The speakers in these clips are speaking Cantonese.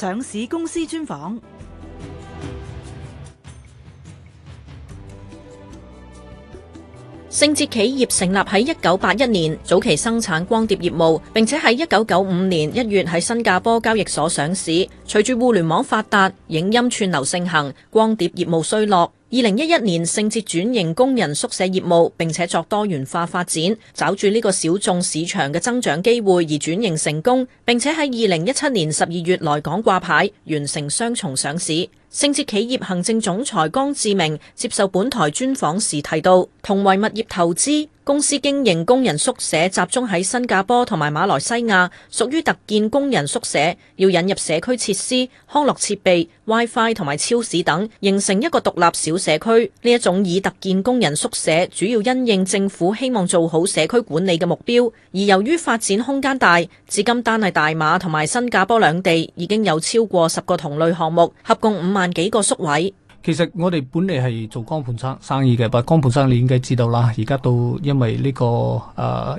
上市公司專訪。勝捷企業成立喺一九八一年，早期生產光碟業務，並且喺一九九五年一月喺新加坡交易所上市。隨住互聯網發達，影音串流盛行，光碟業務衰落。二零一一年，勝捷轉型工人宿舍業務，並且作多元化發展，抓住呢個小眾市場嘅增長機會而轉型成功，並且喺二零一七年十二月來港掛牌，完成雙重上市。勝捷企業行政總裁江志明接受本台專訪時提到，同為物業投資。公司經營工人宿舍集中喺新加坡同埋馬來西亞，屬於特建工人宿舍，要引入社區設施、康樂設備、WiFi 同埋超市等，形成一個獨立小社區。呢一種以特建工人宿舍，主要因應政府希望做好社區管理嘅目標。而由於發展空間大，至今單係大馬同埋新加坡兩地已經有超過十個同類項目，合共五萬幾個宿位。其實我哋本嚟係做光盤生生意嘅，但光盤生意你應該知道啦。而家都因為呢、這個誒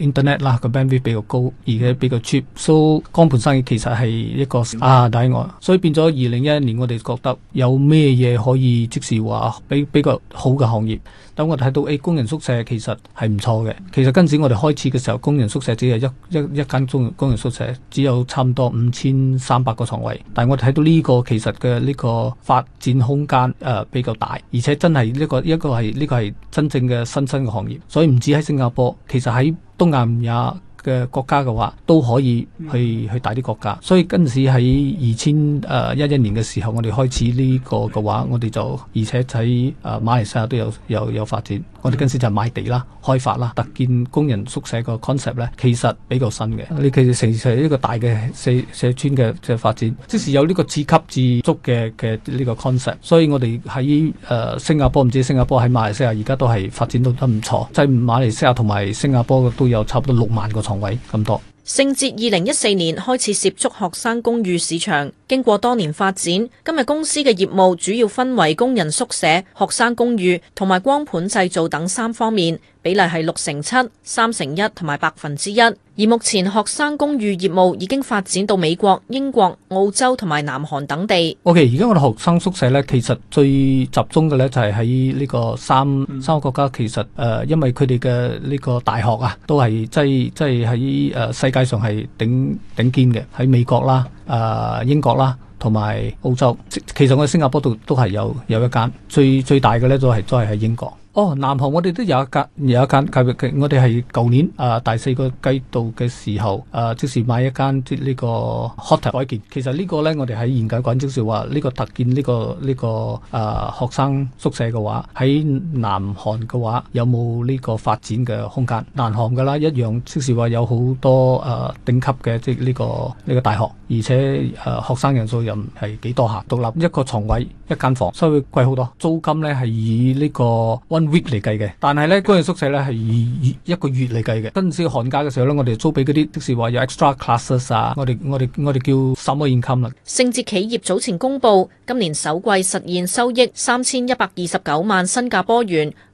internet、呃、啦個 bandwidth 比較高，而且比較 cheap，所以光盤生意其實係一個么啊，大我。所以變咗二零一一年，我哋覺得有咩嘢可以即時話比比較好嘅行業。等我睇到誒、哎、工人宿舍其實係唔錯嘅。其實今時我哋開始嘅時候，工人宿舍只係一一一間工工人宿舍，只有差唔多五千三百個床位。但係我睇到呢個其實嘅呢、這個發展空間。誒、呃、比較大，而且真係呢、呢個一、呢個係呢、呢個係真正嘅新生嘅行業。所以唔止喺新加坡，其實喺東南亞。嘅國家嘅話都可以去、嗯、去大啲國家，所以今次喺二千誒一一年嘅時候，我哋開始呢個嘅話我哋就而且喺誒、呃、馬來西亞都有有有發展。我哋今次就買地啦、開發啦、特建工人宿舍個 concept 咧，其實比較新嘅。你、嗯、其實成係一個大嘅社社村嘅即發展，即係有呢個自給自足嘅嘅呢個 concept。所以我哋喺誒新加坡唔止新加坡喺馬來西亞而家都係發展到得唔錯，即、就、係、是、馬來西亞同埋新加坡都有差唔多六萬個。同位咁多，勝捷二零一四年開始涉足學生公寓市場，經過多年發展，今日公司嘅業務主要分為工人宿舍、學生公寓同埋光盤製造等三方面。比例係六成七、三成一同埋百分之一，而目前學生公寓業務已經發展到美國、英國、澳洲同埋南韓等地。OK，而家我哋學生宿舍呢，其實最集中嘅呢就係喺呢個三三個國家。其實誒、呃，因為佢哋嘅呢個大學啊，都係即係即係喺誒世界上係頂頂尖嘅，喺美國啦、誒、呃、英國啦同埋澳洲。其，其實我哋新加坡度都係有有一間最最大嘅呢都係都係喺英國。哦，南韓我哋都有一間，有一間教育嘅。我哋係舊年啊，第四個季度嘅時候，啊，即時買一間即呢、這個 hotel 改建。其實個呢個咧，我哋喺研究緊，即時話呢個特建呢、這個呢、這個啊學生宿舍嘅話，喺南韓嘅話有冇呢個發展嘅空間？南韓噶啦，一樣即時話有好多啊頂級嘅即呢、這個呢、這個大學，而且啊學生人數又唔係幾多下？獨立一個床位一間房，所以會貴好多。租金咧係以呢、這個嚟計嘅，但係咧嗰間宿舍咧係以一個月嚟計嘅。跟住寒假嘅時候咧，我哋租俾嗰啲，即係話有 extra classes 啊。我哋我哋我哋叫什麼現金啦？勝捷企業早前公布今年首季實現收益三千一百二十九萬新加坡元。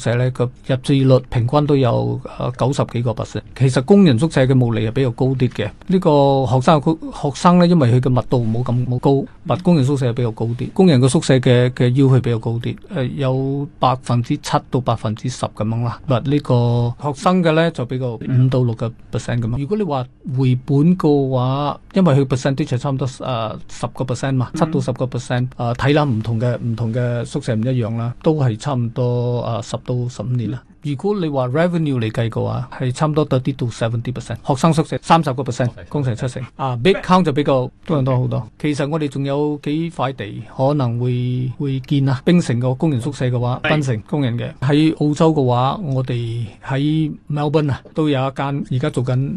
宿舍咧個入住率平均都有啊九十幾個 percent。其實工人宿舍嘅毛利係比較高啲嘅。呢個學生個學生咧，因為佢嘅密度冇咁冇高，物工人宿舍係比較高啲。工人嘅宿舍嘅嘅要求比較高啲，誒有百分之七到百分之十咁樣啦。嗱呢個學生嘅咧就比較五到六個 percent 咁樣。如果你話回本嘅話，因為佢 percent 啲就差唔多啊十個 percent 嘛，七到十個 percent 啊睇啦，唔同嘅唔同嘅宿舍唔一樣啦，都係差唔多啊十。到十五年啦。如果你話 revenue 嚟計嘅話，係差唔多 thirty 到 seventy percent。學生宿舍三十個 percent，工程七成。啊、uh，big count 就比較多，人多好多。Okay. 其實我哋仲有幾塊地可能會會建啊。冰城個工人宿舍嘅話，冰 Okay. 城 Okay. 工人嘅喺澳洲嘅話，我哋喺 Melbourne 啊，都有一間而家做緊誒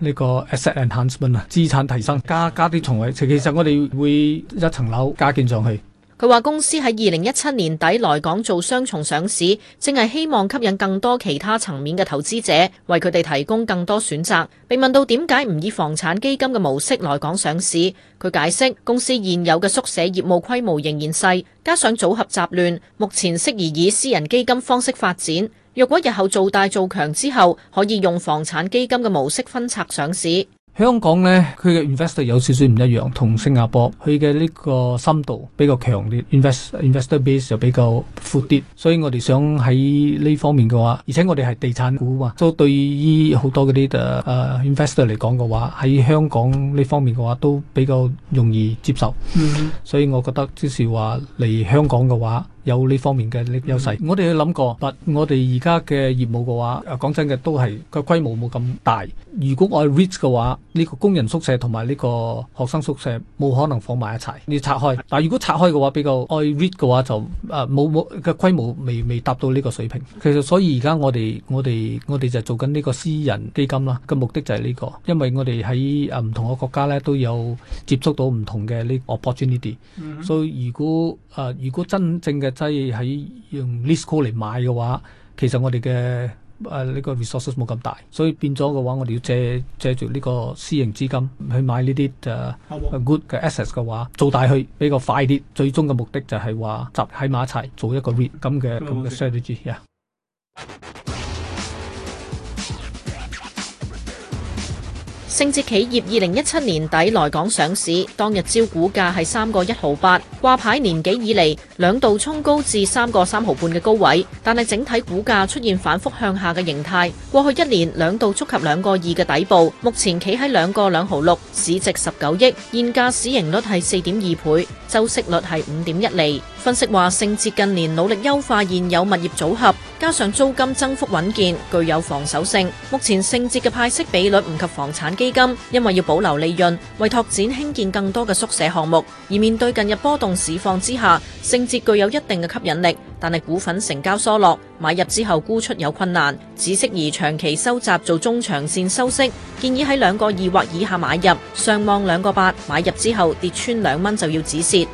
呢個 asset enhancement 啊，資產提升，加加啲床位。其實我哋會一層樓加建上去。佢話公司喺二零一七年底來港做雙重上市，正係希望吸引更多其他層面嘅投資者，為佢哋提供更多選擇。被問到點解唔以房產基金嘅模式來港上市，佢解釋公司現有嘅宿舍業務規模仍然細，加上組合雜亂，目前適宜以私人基金方式發展。若果日後做大做強之後，可以用房產基金嘅模式分拆上市。香港呢，佢嘅 investor 有少少唔一樣，同新加坡佢嘅呢個深度比較強烈，invest investor base 就比較闊啲，所以我哋想喺呢方面嘅話，而且我哋係地產股嘛，所以對於好多嗰啲誒誒、uh, investor 嚟講嘅話，喺香港呢方面嘅話都比較容易接受，mm hmm. 所以我覺得即是話嚟香港嘅話。有呢方面嘅優勢，嗯、我哋去諗過，但我哋而家嘅業務嘅話，誒、啊、講真嘅都係，個規模冇咁大。如果愛 rich 嘅話，呢、這個工人宿舍同埋呢個學生宿舍冇可能放埋一齊，你拆開，但係如果拆開嘅話比較愛 rich 嘅話就誒冇冇嘅規模未未達到呢個水平。其實所以而家我哋我哋我哋就做緊呢個私人基金啦，嘅目的就係呢、這個，因為我哋喺誒唔同嘅國家咧都有接觸到唔同嘅呢 opportunity，所以如果誒、啊、如果真正嘅即係喺用 listco 嚟買嘅話，其實我哋嘅啊呢個 resources 冇咁大，所以變咗嘅話，我哋要借借住呢個私營資金去買呢啲誒 good 嘅 assets 嘅話，做大去比較快啲。最終嘅目的就係話集喺埋一齊做一個 red 金嘅咁嘅 strategy 呀。勝捷企業二零一七年底來港上市，當日招股價係三個一毫八，掛牌年幾以嚟兩度衝高至三個三毫半嘅高位，但係整體股價出現反覆向下嘅形態。過去一年兩度觸及兩個二嘅底部，目前企喺兩個兩毫六，市值十九億，現價市盈率係四點二倍，周息率係五點一厘。分析話，勝捷近年努力優化現有物業組合，加上租金增幅穩健，具有防守性。目前勝捷嘅派息比率唔及房產基金，因為要保留利潤，為拓展興建更多嘅宿舍項目。而面對近日波動市況之下，勝捷具有一定嘅吸引力，但係股份成交疏落，買入之後沽出有困難，只適宜長期收集做中長線收息。建議喺兩個二或以下買入，上望兩個八買入之後跌穿兩蚊就要止蝕。